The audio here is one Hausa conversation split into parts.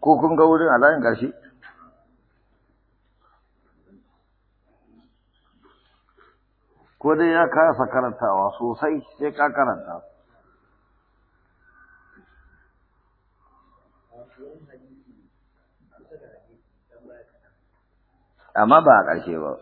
ko kun wurin alayin ko dai ya kasa karantawa sosai sai ka karanta amma ba a ƙarshe ba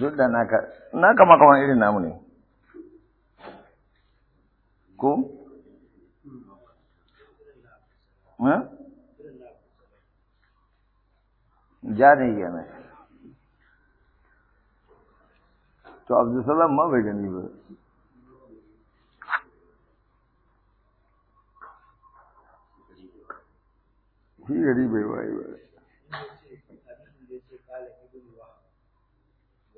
duk da naka naka makaman irin namu ne ko ha jari yana to abdulsalam ma bai gani ba shi gari bai waye ba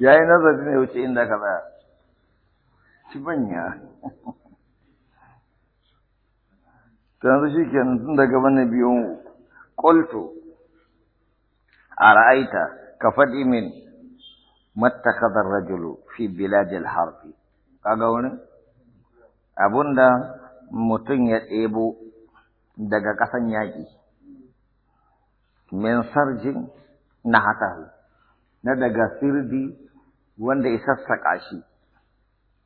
ya yi nazarin ya wuce inda ka tsaya shi banya ta yanzu shi ke tun daga bane biyun ƙolto a ra'aita ka faɗi min matakadar rajulu fi biladil harfi kaga wani abunda mutum ya ɗebo daga ƙasan yaƙi min sarjin na hatahu na daga sirdi wanda ya sassaƙa shi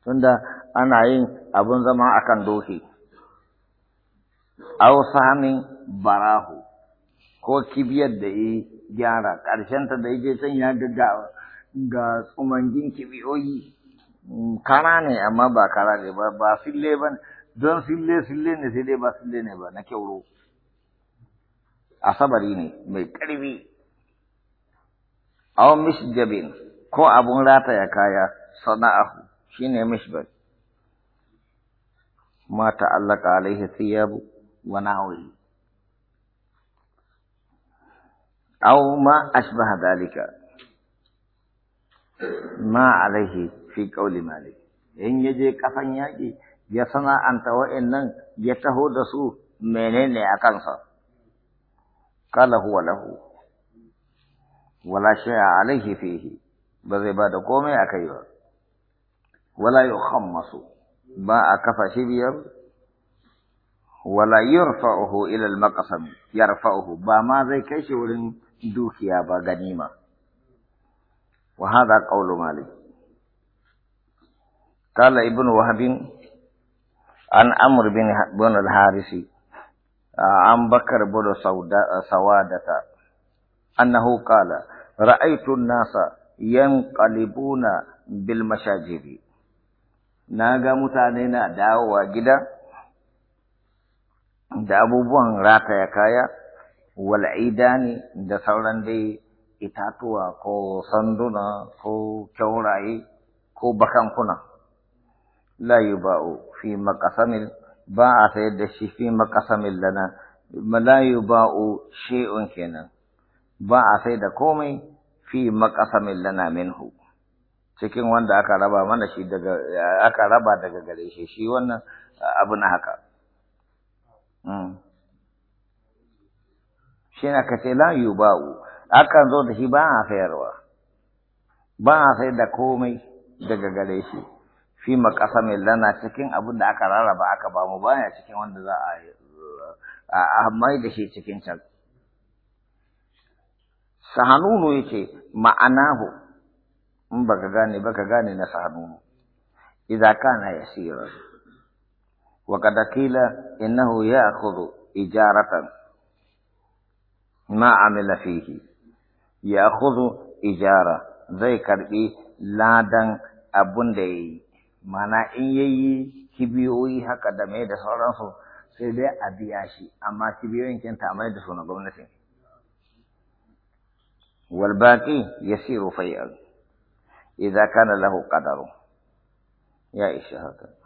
tunda ana yin abin zama akan doki aw samin barahu ko kibiyar da ya gyara ƙarshen ta da ya je can ya ga ga tsumangin kibiyoyi mm, kara ne amma ba kara ne ba ba sille ba don sille sille ne sai dai ba sille ne ba na kyauro asabari ne mai ƙarfi aw misjabin ko abun rataya kaya sana'ahu shine misbal ma ta'allaqa alaihi thiyabu wa nawi aw ma asbaha dalika ma alaihi fi qawli malik in yaje kafan yaki ya an tawa innan ya taho da su menene a kansa kala huwa lahu ولا شيء عليه فيه بزي بعد قومي أكيبا ولا يخمص با أكفى شبير ولا يرفعه إلى المقسم يرفعه با ما ذي كيش ولن دوكيا با غنيمة وهذا قول مالك قال ابن وهب عن عمرو بن بن الحارثي عن بكر بن سوادة an an-nasa yanqalibuna bil الناس na ga mutane na dawowa gida, da abubuwan rataya kaya wal'ida ne da sauran dai itatuwa ko sanduna ko kyauraye ko bakankuna la yuba'u fi maqasamil ba a sayar da shi fi maqasamil lana la yuba'u shay'un kenan ba a sai da komai fi maqasamin lana minhu cikin wanda aka raba mana shi daga aka raba daga gare shi shi wannan abu na haka hmm. shi na kace la yuba'u akan zo da shi ba a sayarwa ba a sai da komai daga gare shi fi maqasamin lana cikin abin da aka rarraba aka ba mu baya cikin wanda za a mai da shi cikin can sahanunu yake ma'anahu in baka gane baka gane na sahanunu idza kana yasira wa kadakila qila innahu ya'khudhu ijaratan ma amila fihi ya'khudhu ijara zai karbi ladan abun da yayi mana in yayi kibiyoyi haka da mai da sauransu sai dai a biya shi amma kibiyoyin kinta mai da su na gwamnati والباقي يسير فيئا إذا كان له قدر يا إيش